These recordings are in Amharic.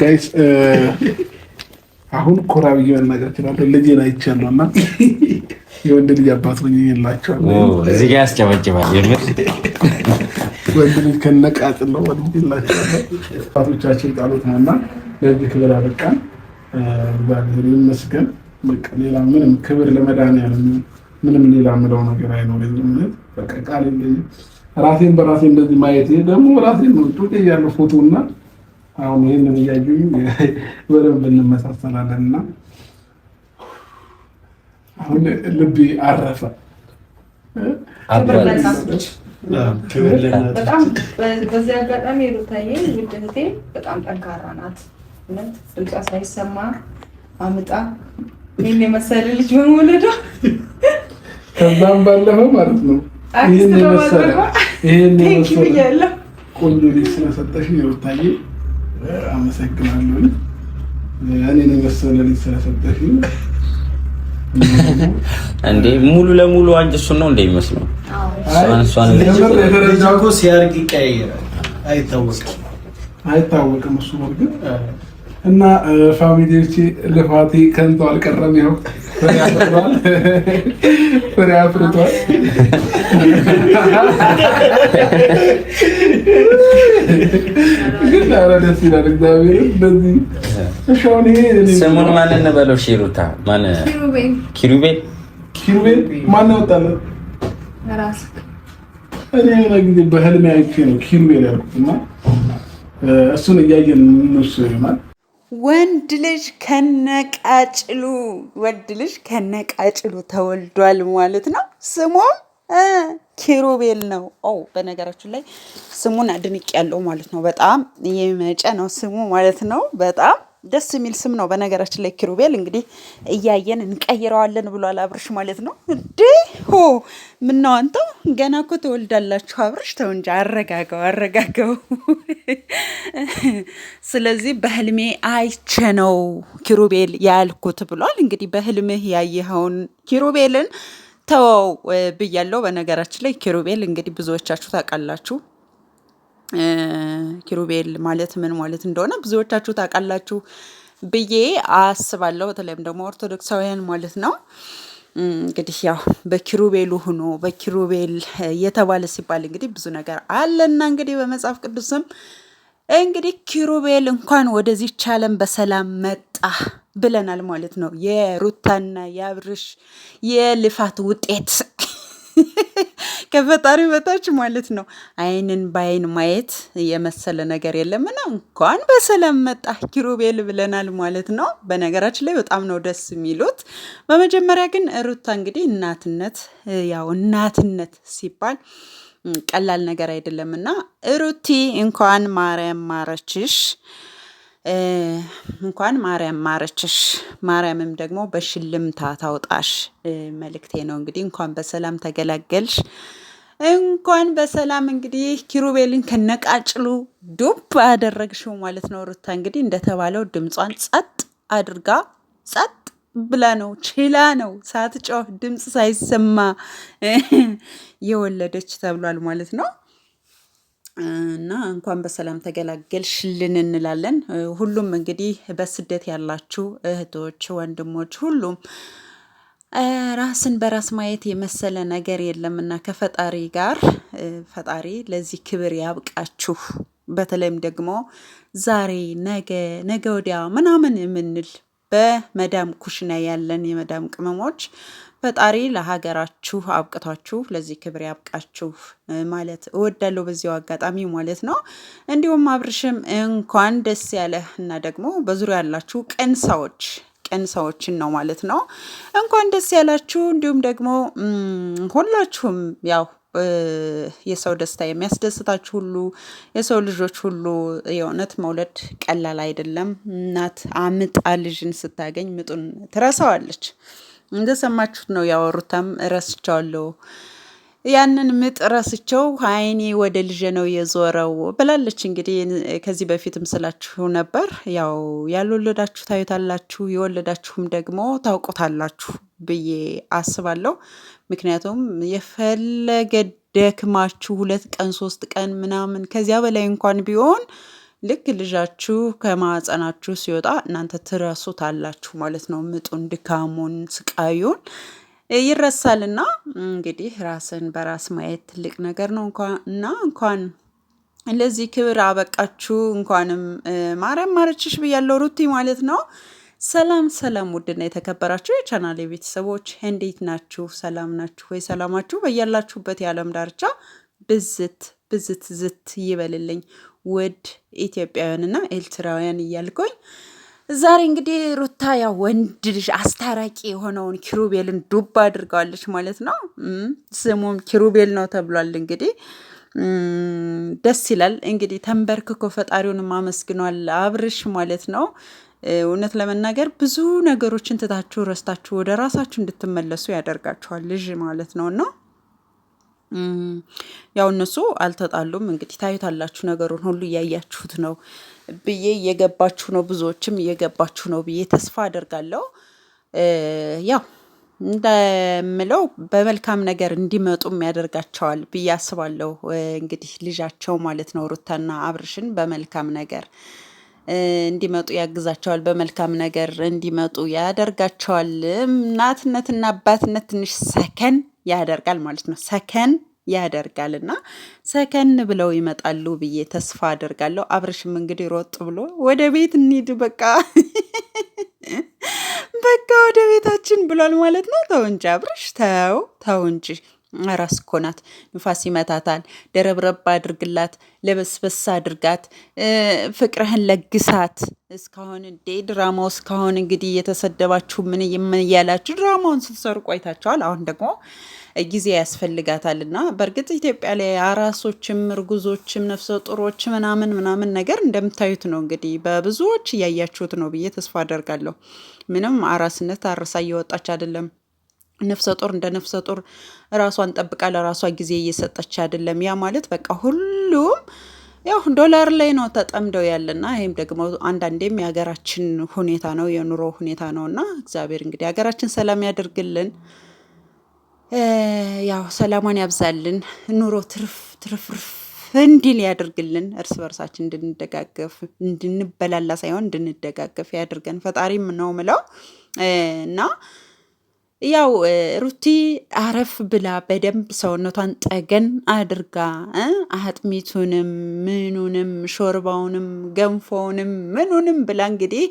ጋይስ uh, አሁን ኮራ ብዬ መናገር እችላለሁ። ልጄን አይቻለሁ እና የወንድ ልጅ አባት ነኝ እላቸዋለሁ። እዚህ ጋር ያስጨበጭባል። ወንድ ልጅ ከነቃጥ ነው ወንድ ልጅ እላቸዋለሁ። አባቶቻችን ጣሉት ነው እና ለዚህ ክብር አበቃን። እግዚአብሔር ይመስገን። በቃ ሌላ ምንም ክብር ለመድኃኒዓለም ምንም ሌላ ምለው ነገር አይኖረኝም። በቃ ቃል የለኝም። ራሴን በራሴ እንደዚህ ማየት ደግሞ ራሴን ነው ጡጤ ያለው ፎቶ እና አሁን ይህንን እያዩ በደንብ እንመሳሰላለን እና አሁን ልቤ አረፈ። በጣም በዚህ አጋጣሚ ሩታዬ ውድህቴ በጣም ጠንካራ ናት። እውነት ድምጿ ሳይሰማ አምጣ ይህን የመሰለ ልጅ በመውለዷ ከዛም ባለፈ ማለት ነው ቆንጆ ልጅ ስለሰጠሽ ሩታዬ እኔን የመሰለ ልጅ ስለሰጠሽ እንዴ ሙሉ ለሙሉ አንቺ እሱን ነው የሚመስለው። ይቀያየራል፣ አይታወቅም እሱ እና ፋሚሊዎቼ ልፋቴ ከንቱ አልቀረም ያው ፍሬ አፍርቷል። ግን ኧረ ደስ ይላል። እግዚአብሔር በዚህ ስሙን ማንን እንበለው? ሩታ ኪሩቤል ኪሩቤል ማን ያወጣለን? እኔ የሆነ ጊዜ በህልሜ አይቼ ነው ኪሩቤል ያልኩት እና እሱን እያየን እንውስ ይሆናል ወንድ ልጅ ከነቃጭሉ ወንድ ልጅ ከነቃጭሉ ተወልዷል ማለት ነው። ስሙም ኪሩቤል ነው። ኦው በነገራችን ላይ ስሙን አድንቅ ያለው ማለት ነው። በጣም የመጨ ነው ስሙ ማለት ነው። በጣም ደስ የሚል ስም ነው። በነገራችን ላይ ኪሩቤል እንግዲህ እያየን እንቀይረዋለን ብሏል አብርሽ ማለት ነው። እንዴ ሆ ምነው አንተ ገና እኮ ትወልዳላችሁ። አብርሽ ተው እንጂ አረጋገው አረጋገው። ስለዚህ በህልሜ አይቼ ነው ኪሩቤል ያልኩት ብሏል። እንግዲህ በህልምህ ያየኸውን ኪሩቤልን ተወው ብያለው። በነገራችን ላይ ኪሩቤል እንግዲህ ብዙዎቻችሁ ታውቃላችሁ ኪሩቤል ማለት ምን ማለት እንደሆነ ብዙዎቻችሁ ታውቃላችሁ ብዬ አስባለሁ። በተለይም ደግሞ ኦርቶዶክሳውያን ማለት ነው። እንግዲህ ያው በኪሩቤሉ ሆኖ በኪሩቤል የተባለ ሲባል እንግዲህ ብዙ ነገር አለና እንግዲህ በመጽሐፍ ቅዱስም እንግዲህ ኪሩቤል እንኳን ወደዚህ ቻለን በሰላም መጣ ብለናል ማለት ነው። የሩታና የአብርሽ የልፋት ውጤት ከፈጣሪ በታች ማለት ነው። አይንን በአይን ማየት የመሰለ ነገር የለምና እንኳን በሰላም መጣ ኪሩቤል ብለናል ማለት ነው። በነገራችን ላይ በጣም ነው ደስ የሚሉት። በመጀመሪያ ግን ሩታ እንግዲህ እናትነት ያው እናትነት ሲባል ቀላል ነገር አይደለምና ሩቲ እንኳን ማርያም ማረችሽ። እንኳን ማርያም ማረችሽ ማርያምም ደግሞ በሽልምታ ታውጣሽ መልእክቴ ነው። እንግዲህ እንኳን በሰላም ተገላገልሽ። እንኳን በሰላም እንግዲህ ኪሩቤልን ከነቃጭሉ ዱብ አደረግሽው ማለት ነው። ሩታ እንግዲህ እንደተባለው ድምጿን ጸጥ አድርጋ ጸጥ ብላ ነው ችላ ነው ሳትጮህ ድምፅ ሳይሰማ የወለደች ተብሏል ማለት ነው። እና እንኳን በሰላም ተገላገልሽልን እንላለን። ሁሉም እንግዲህ በስደት ያላችሁ እህቶች፣ ወንድሞች ሁሉም ራስን በራስ ማየት የመሰለ ነገር የለም እና ከፈጣሪ ጋር ፈጣሪ ለዚህ ክብር ያብቃችሁ። በተለይም ደግሞ ዛሬ ነገ ነገ ወዲያ ምናምን የምንል በመዳም ኩሽና ያለን የመዳም ቅመሞች ፈጣሪ ለሀገራችሁ አብቅታችሁ ለዚህ ክብር ያብቃችሁ ማለት እወዳለሁ በዚያው አጋጣሚ ማለት ነው። እንዲሁም አብርሽም እንኳን ደስ ያለህ እና ደግሞ በዙሪያ ያላችሁ ቀን ሰዎች ቀን ሰዎችን ነው ማለት ነው። እንኳን ደስ ያላችሁ። እንዲሁም ደግሞ ሁላችሁም ያው የሰው ደስታ የሚያስደስታችሁ ሁሉ የሰው ልጆች ሁሉ የእውነት መውለድ ቀላል አይደለም። እናት አምጣ ልጅን ስታገኝ ምጡን ትረሳዋለች። እንደሰማችሁት ነው ያወሩታም እረስቸዋለሁ ያንን ምጥ ረስቸው አይኔ ወደ ልጀ ነው የዞረው ብላለች። እንግዲህ ከዚህ በፊትም ስላችሁ ነበር። ያው ያልወለዳችሁ ታዩታላችሁ፣ የወለዳችሁም ደግሞ ታውቁታላችሁ። ብዬ አስባለሁ። ምክንያቱም የፈለገ ደክማችሁ ሁለት ቀን ሶስት ቀን ምናምን ከዚያ በላይ እንኳን ቢሆን ልክ ልጃችሁ ከማህፀናችሁ ሲወጣ እናንተ ትረሱታላችሁ ማለት ነው። ምጡን፣ ድካሙን፣ ስቃዩን ይረሳልና እንግዲህ ራስን በራስ ማየት ትልቅ ነገር ነው እና እንኳን ለዚህ ክብር አበቃችሁ። እንኳንም ማርያም ማረችሽ ብያለሁ ሩቲ ማለት ነው። ሰላም ሰላም፣ ውድና የተከበራችሁ የቻናሌ ቤተሰቦች እንዴት ናችሁ? ሰላም ናችሁ ወይ? ሰላማችሁ በያላችሁበት የዓለም ዳርቻ ብዝት ብዝት ዝት ይበልልኝ። ውድ ኢትዮጵያውያንና ኤርትራውያን እያልኩኝ ዛሬ እንግዲህ ሩታ ያ ወንድ ልጅ አስታራቂ የሆነውን ኪሩቤልን ዱብ አድርገዋለች ማለት ነው። ስሙም ኪሩቤል ነው ተብሏል። እንግዲህ ደስ ይላል። እንግዲህ ተንበርክኮ ፈጣሪውን አመስግኗል አብርሽ ማለት ነው። እውነት ለመናገር ብዙ ነገሮችን ትታችሁ ረስታችሁ ወደ ራሳችሁ እንድትመለሱ ያደርጋችኋል ልጅ ማለት ነው እና ያው እነሱ አልተጣሉም። እንግዲህ ታዩታላችሁ፣ ነገሩን ሁሉ እያያችሁት ነው ብዬ እየገባችሁ ነው፣ ብዙዎችም እየገባችሁ ነው ብዬ ተስፋ አደርጋለሁ። ያው እንደምለው በመልካም ነገር እንዲመጡም ያደርጋቸዋል ብዬ አስባለሁ። እንግዲህ ልጃቸው ማለት ነው ሩታና አብርሽን በመልካም ነገር እንዲመጡ ያግዛቸዋል፣ በመልካም ነገር እንዲመጡ ያደርጋቸዋል። እናትነትና አባትነት ትንሽ ሰከን ያደርጋል ማለት ነው። ሰከን ያደርጋል እና ሰከን ብለው ይመጣሉ ብዬ ተስፋ አደርጋለሁ። አብርሽም እንግዲህ ሮጥ ብሎ ወደ ቤት እንሂድ በቃ በቃ ወደ ቤታችን ብሏል ማለት ነው። ተው እንጂ አብርሽ፣ ተው ተው እንጂ ራስ እኮ ናት። ንፋስ ይመታታል። ደረብረብ አድርግላት፣ ለበስበስ አድርጋት፣ ፍቅርህን ለግሳት። እስካሁን እንዴ ድራማው እስካሁን እንግዲህ እየተሰደባችሁ ምን እያላችሁ ድራማውን ስትሰሩ ቆይታችኋል። አሁን ደግሞ ጊዜ ያስፈልጋታል እና በእርግጥ ኢትዮጵያ ላይ አራሶችም፣ እርጉዞችም፣ ነፍሰ ጡሮች ምናምን ምናምን ነገር እንደምታዩት ነው እንግዲህ በብዙዎች እያያችሁት ነው ብዬ ተስፋ አደርጋለሁ። ምንም አራስነት አርሳ እየወጣች አይደለም። ነፍሰ ጡር እንደ ነፍሰ ጡር ራሷን ጠብቃ ለራሷ ጊዜ እየሰጠች አይደለም። ያ ማለት በቃ ሁሉም ያው ዶላር ላይ ነው ተጠምደው ያለና ይህም ደግሞ አንዳንዴም የሀገራችን ሁኔታ ነው የኑሮ ሁኔታ ነው እና እግዚአብሔር እንግዲህ ሀገራችን ሰላም ያደርግልን፣ ያው ሰላሟን ያብዛልን፣ ኑሮ ትርፍ ትርፍርፍ እንዲል ያደርግልን፣ እርስ በርሳችን እንድንደጋገፍ እንድንበላላ ሳይሆን እንድንደጋገፍ ያደርገን ፈጣሪም ነው ምለው እና ያው ሩቲ አረፍ ብላ በደንብ ሰውነቷን ጠገን አድርጋ አጥሚቱንም ምኑንም ሾርባውንም ገንፎውንም ምኑንም ብላ እንግዲህ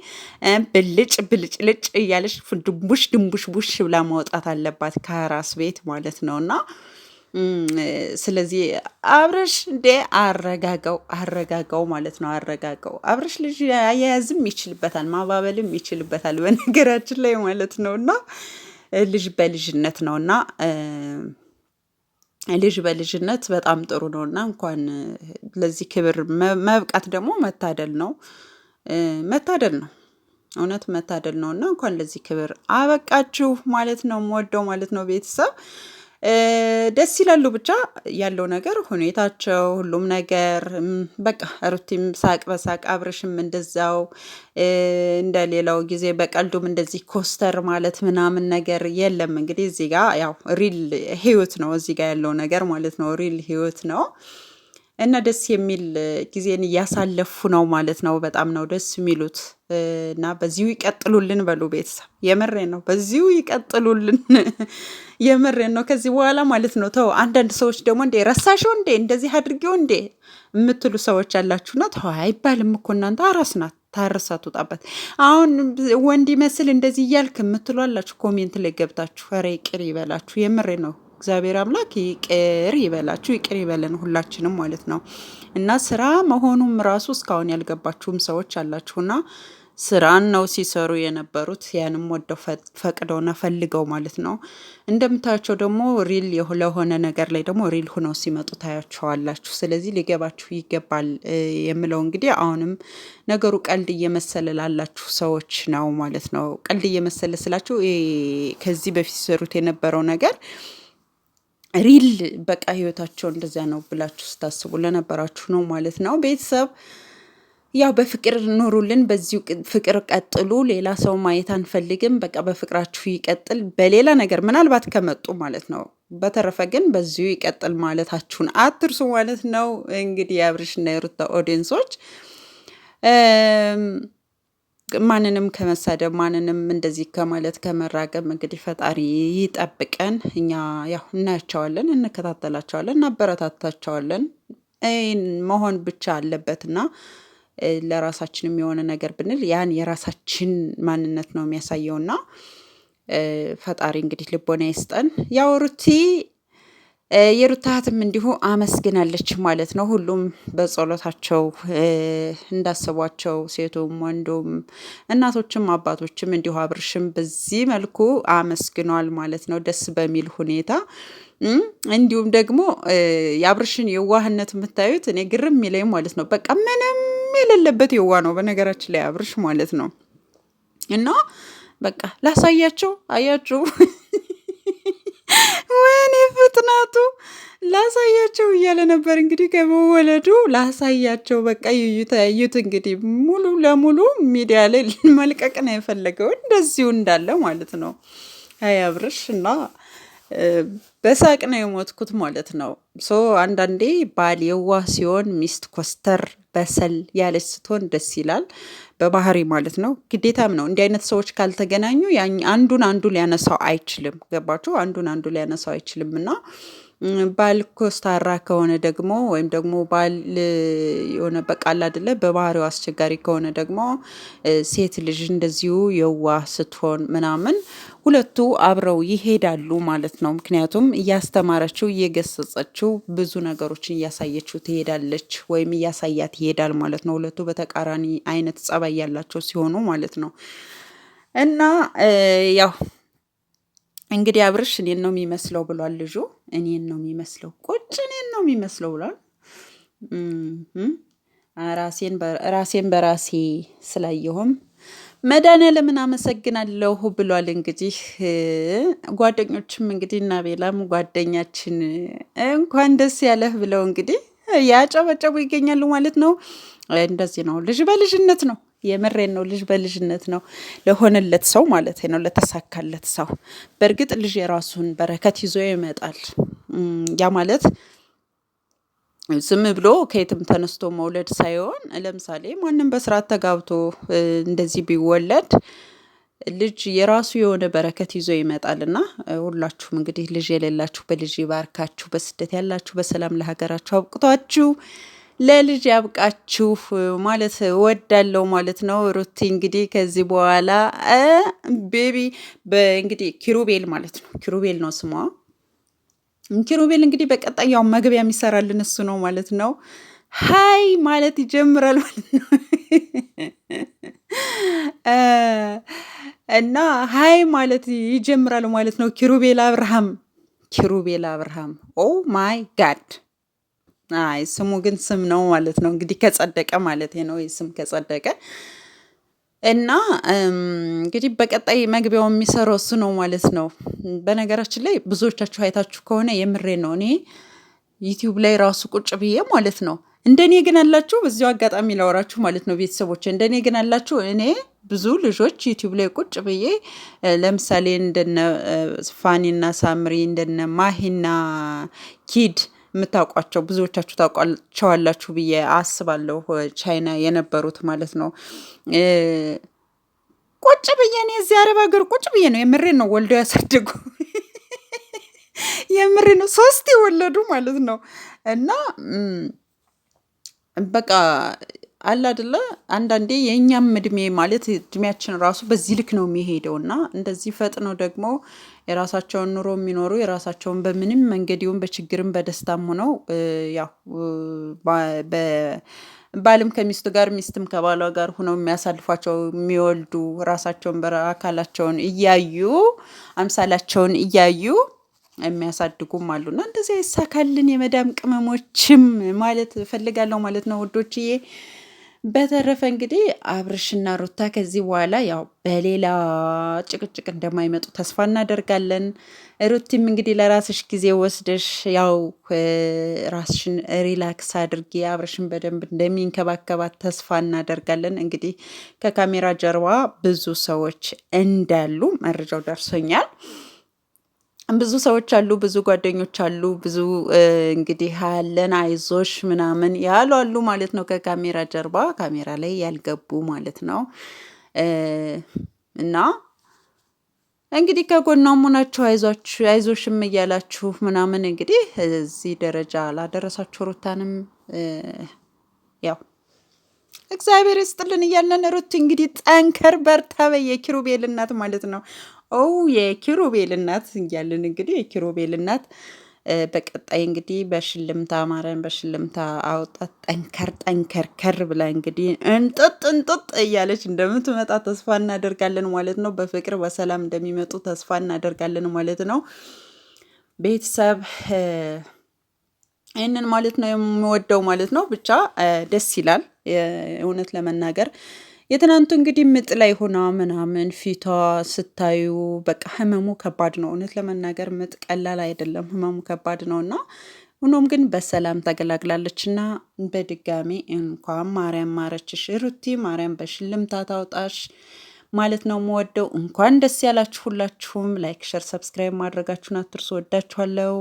ብልጭ ብልጭ ልጭ እያለች ድንቡሽ ድንቡሽ ቡሽ ብላ ማውጣት አለባት ከራስ ቤት ማለት እና ስለዚህ አብረሽ እንደ አረጋጋው አረጋጋው ማለት ነው። አረጋጋው አብረሽ ልጅ አያያዝም ይችልበታል፣ ማባበልም ይችልበታል በነገራችን ላይ ማለት ነው እና ልጅ በልጅነት እና ልጅ በልጅነት በጣም ጥሩ ነው እና እንኳን ለዚህ ክብር መብቃት ደግሞ መታደል ነው። መታደል ነው እውነት መታደል እና እንኳን ለዚህ ክብር አበቃችሁ ማለት ነው። ወደው ማለት ነው ቤተሰብ ደስ ይላሉ። ብቻ ያለው ነገር ሁኔታቸው፣ ሁሉም ነገር በቃ ሩቲም ሳቅ በሳቅ አብርሽም እንደዛው እንደ ሌላው ጊዜ በቀልዱም እንደዚህ ኮስተር ማለት ምናምን ነገር የለም። እንግዲህ እዚህ ጋ ያው ሪል ህይወት ነው፣ እዚህ ጋ ያለው ነገር ማለት ነው ሪል ህይወት ነው። እና ደስ የሚል ጊዜን እያሳለፉ ነው ማለት ነው። በጣም ነው ደስ የሚሉት እና በዚሁ ይቀጥሉልን በሉ ቤተሰብ፣ የምሬን ነው። በዚሁ ይቀጥሉልን፣ የምሬን ነው። ከዚህ በኋላ ማለት ነው። ተው አንዳንድ ሰዎች ደግሞ እንዴ ረሳሽው እንዴ እንደዚህ አድርጌው እንዴ የምትሉ ሰዎች ነው። ተው አይባልም እኮ እናንተ አራስ ናት ታርሳ ትወጣበት። አሁን ወንድ ይመስል እንደዚህ እያልክ የምትሉ አላችሁ፣ ኮሜንት ላይ ገብታችሁ ኧረ ይቅር ይበላችሁ። የምሬ ነው። እግዚአብሔር አምላክ ይቅር ይበላችሁ፣ ይቅር ይበለን ሁላችንም ማለት ነው እና ስራ መሆኑም ራሱ እስካሁን ያልገባችሁም ሰዎች አላችሁና ስራን ነው ሲሰሩ የነበሩት። ያንም ወደው ፈቅደውና ፈልገው ማለት ነው። እንደምታያቸው ደግሞ ሪል ለሆነ ነገር ላይ ደግሞ ሪል ሆነው ሲመጡ ታያቸዋላችሁ። ስለዚህ ሊገባችሁ ይገባል የምለው እንግዲህ አሁንም ነገሩ ቀልድ እየመሰለ ላላችሁ ሰዎች ነው ማለት ነው። ቀልድ እየመሰለ ስላችሁ ከዚህ በፊት ሲሰሩት የነበረው ነገር ሪል በቃ ህይወታቸው እንደዚያ ነው ብላችሁ ስታስቡ ለነበራችሁ ነው ማለት ነው። ቤተሰብ ያው በፍቅር ኑሩልን፣ በዚሁ ፍቅር ቀጥሉ። ሌላ ሰው ማየት አንፈልግም። በቃ በፍቅራችሁ ይቀጥል፣ በሌላ ነገር ምናልባት ከመጡ ማለት ነው። በተረፈ ግን በዚሁ ይቀጥል ማለታችሁን አትርሱ ማለት ነው። እንግዲህ የአብርሽና የሩታ ኦዲየንሶች ማንንም ከመሳደብ ማንንም እንደዚህ ከማለት ከመራገም እንግዲህ ፈጣሪ ይጠብቀን። እኛ ያው እናያቸዋለን፣ እንከታተላቸዋለን፣ እናበረታታቸዋለን። ይህን መሆን ብቻ አለበትና ለራሳችንም የሆነ ነገር ብንል ያን የራሳችን ማንነት ነው የሚያሳየውና ፈጣሪ እንግዲህ ልቦና ይስጠን። ሩቲ የሩታህትም እንዲሁ አመስግናለች ማለት ነው። ሁሉም በጸሎታቸው እንዳሰቧቸው ሴቱም፣ ወንዱም፣ እናቶችም አባቶችም እንዲሁ አብርሽም በዚህ መልኩ አመስግኗል ማለት ነው ደስ በሚል ሁኔታ እንዲሁም ደግሞ የአብርሽን የዋህነት የምታዩት እኔ ግርም ይለኝ ማለት ነው። በቃ ምንም የሌለበት የዋ ነው በነገራችን ላይ አብርሽ ማለት ነው። እና በቃ ላሳያቸው አያችሁ ጥናቱ ላሳያቸው እያለ ነበር። እንግዲህ ከመወለዱ ላሳያቸው በቃ እዩት። እንግዲህ ሙሉ ለሙሉ ሚዲያ ላይ ልመልቀቅ ነው የፈለገው እንደዚሁ እንዳለ ማለት ነው አያብርሽ እና በሳቅ ነው የሞትኩት ማለት ነው። ሶ አንዳንዴ ባል የዋህ ሲሆን ሚስት ኮስተር በሰል ያለች ስትሆን ደስ ይላል፣ በባህሪ ማለት ነው። ግዴታም ነው። እንዲህ አይነት ሰዎች ካልተገናኙ አንዱን አንዱ ሊያነሳው አይችልም። ገባችሁ? አንዱን አንዱ ሊያነሳው አይችልም እና ባል ኮስታራ ከሆነ ደግሞ ወይም ደግሞ ባል የሆነ በቃል አደለ በባህሪው አስቸጋሪ ከሆነ ደግሞ ሴት ልጅ እንደዚሁ የዋህ ስትሆን ምናምን ሁለቱ አብረው ይሄዳሉ ማለት ነው። ምክንያቱም እያስተማረችው እየገሰጸችው ብዙ ነገሮችን እያሳየችው ትሄዳለች ወይም እያሳያት ይሄዳል ማለት ነው። ሁለቱ በተቃራኒ አይነት ጸባይ ያላቸው ሲሆኑ ማለት ነው እና ያው እንግዲህ አብርሽ እኔን ነው የሚመስለው ብሏል። ልጁ እኔን ነው የሚመስለው ቁጭ እኔን ነው የሚመስለው ብሏል። ራሴን በራሴ ስላየሁም መድኃኒዓለምን አመሰግናለሁ ብሏል። እንግዲህ ጓደኞችም እንግዲህ እና ቤላም ጓደኛችን እንኳን ደስ ያለህ ብለው እንግዲህ ያጨበጨቡ ይገኛሉ ማለት ነው። እንደዚህ ነው ልጅ በልጅነት ነው። የምሬን ነው። ልጅ በልጅነት ነው ለሆነለት ሰው ማለት ነው፣ ለተሳካለት ሰው። በእርግጥ ልጅ የራሱን በረከት ይዞ ይመጣል። ያ ማለት ዝም ብሎ ከየትም ተነስቶ መውለድ ሳይሆን ለምሳሌ ማንም በስርዓት ተጋብቶ እንደዚህ ቢወለድ ልጅ የራሱ የሆነ በረከት ይዞ ይመጣል እና ሁላችሁም እንግዲህ ልጅ የሌላችሁ በልጅ ይባርካችሁ፣ በስደት ያላችሁ በሰላም ለሀገራችሁ አብቅቷችሁ ለልጅ ያብቃችሁ ማለት ወዳለው ማለት ነው። ሩቲ እንግዲህ ከዚህ በኋላ ቤቢ እንግዲህ ኪሩቤል ማለት ነው ኪሩቤል ነው ስሟ ኪሩቤል እንግዲህ በቀጣይ ያው መግቢያ የሚሰራልን እሱ ነው ማለት ነው። ሀይ ማለት ይጀምራል ማለት ነው እና ሀይ ማለት ይጀምራል ማለት ነው። ኪሩቤል አብርሃም ኪሩቤል አብርሃም ኦ ማይ ጋድ አይ ስሙ ግን ስም ነው ማለት ነው። እንግዲህ ከጸደቀ ማለት ነው። ስም ከጸደቀ እና እንግዲህ በቀጣይ መግቢያው የሚሰራው እሱ ነው ማለት ነው። በነገራችን ላይ ብዙዎቻችሁ አይታችሁ ከሆነ የምሬ ነው እኔ ዩቲዩብ ላይ ራሱ ቁጭ ብዬ ማለት ነው። እንደኔ ግን አላችሁ፣ በዚሁ አጋጣሚ ላወራችሁ ማለት ነው ቤተሰቦች፣ እንደኔ ግን አላችሁ። እኔ ብዙ ልጆች ዩቲዩብ ላይ ቁጭ ብዬ ለምሳሌ እንደነ ፋኒና ሳምሪ እንደነ ማሂና ኪድ የምታውቋቸው ብዙዎቻችሁ ታውቋቸዋላችሁ ብዬ አስባለሁ። ቻይና የነበሩት ማለት ነው። ቁጭ ብዬ ነው የዚህ አረብ ሀገር ቁጭ ብዬ ነው የምሬን ነው ወልደው ያሳደጉ የምሬ ነው ሶስት የወለዱ ማለት ነው። እና በቃ አለ አይደለ አንዳንዴ የእኛም እድሜ ማለት እድሜያችን ራሱ በዚህ ልክ ነው የሚሄደው እና እንደዚህ ፈጥነው ደግሞ የራሳቸውን ኑሮ የሚኖሩ የራሳቸውን በምንም መንገድ ይሁን በችግርም በደስታም ሆነው ያው ባልም ከሚስቱ ጋር ሚስትም ከባሏ ጋር ሆነው የሚያሳልፏቸው የሚወልዱ ራሳቸውን በአካላቸውን እያዩ አምሳላቸውን እያዩ የሚያሳድጉም እና እንደዚያ አይሳካልን የመዳም ቅመሞችም ማለት እፈልጋለሁ ማለት ነው ውዶችዬ። በተረፈ እንግዲህ አብርሽና ሩታ ከዚህ በኋላ ያው በሌላ ጭቅጭቅ እንደማይመጡ ተስፋ እናደርጋለን። ሩቲም እንግዲህ ለራስሽ ጊዜ ወስደሽ ያው ራስሽን ሪላክስ አድርጊ። አብርሽን በደንብ እንደሚንከባከባት ተስፋ እናደርጋለን። እንግዲህ ከካሜራ ጀርባ ብዙ ሰዎች እንዳሉ መረጃው ደርሶኛል። ብዙ ሰዎች አሉ፣ ብዙ ጓደኞች አሉ፣ ብዙ እንግዲህ አለን አይዞሽ ምናምን ያሉ አሉ ማለት ነው። ከካሜራ ጀርባ ካሜራ ላይ ያልገቡ ማለት ነው። እና እንግዲህ ከጎኗም ሆናችሁ አይዟችሁ አይዞሽም እያላችሁ ምናምን እንግዲህ እዚህ ደረጃ ላደረሳችሁ ሩታንም ያው እግዚአብሔር ይስጥልን እያለን ሩት እንግዲህ ጠንከር በርታ በየኪሩቤል እናት ማለት ነው። ኦው የኪሩቤል እናት እያልን እንግዲህ የኪሩቤል እናት በቀጣይ እንግዲህ በሽልምታ አማረን በሽልምታ አውጣት ጠንከር ጠንከር ከር ብላ እንግዲህ እንጥጥ እንጥጥ እያለች እንደምትመጣ ተስፋ እናደርጋለን ማለት ነው። በፍቅር በሰላም እንደሚመጡ ተስፋ እናደርጋለን ማለት ነው። ቤተሰብ ይህንን ማለት ነው የምወደው ማለት ነው። ብቻ ደስ ይላል እውነት ለመናገር የትናንቱ እንግዲህ ምጥ ላይ ሆና ምናምን ፊቷ ስታዩ በቃ ህመሙ ከባድ ነው። እውነት ለመናገር ምጥ ቀላል አይደለም፣ ህመሙ ከባድ ነው እና ሆኖም ግን በሰላም ተገላግላለች እና በድጋሚ እንኳን ማርያም ማረችሽ ሩቲ፣ ማርያም በሽልምታ ታውጣሽ ማለት ነው የምወደው። እንኳን ደስ ያላችሁ ሁላችሁም። ላይክ፣ ሸር፣ ሰብስክራይብ ማድረጋችሁን አትርሱ። ወዳችኋለሁ።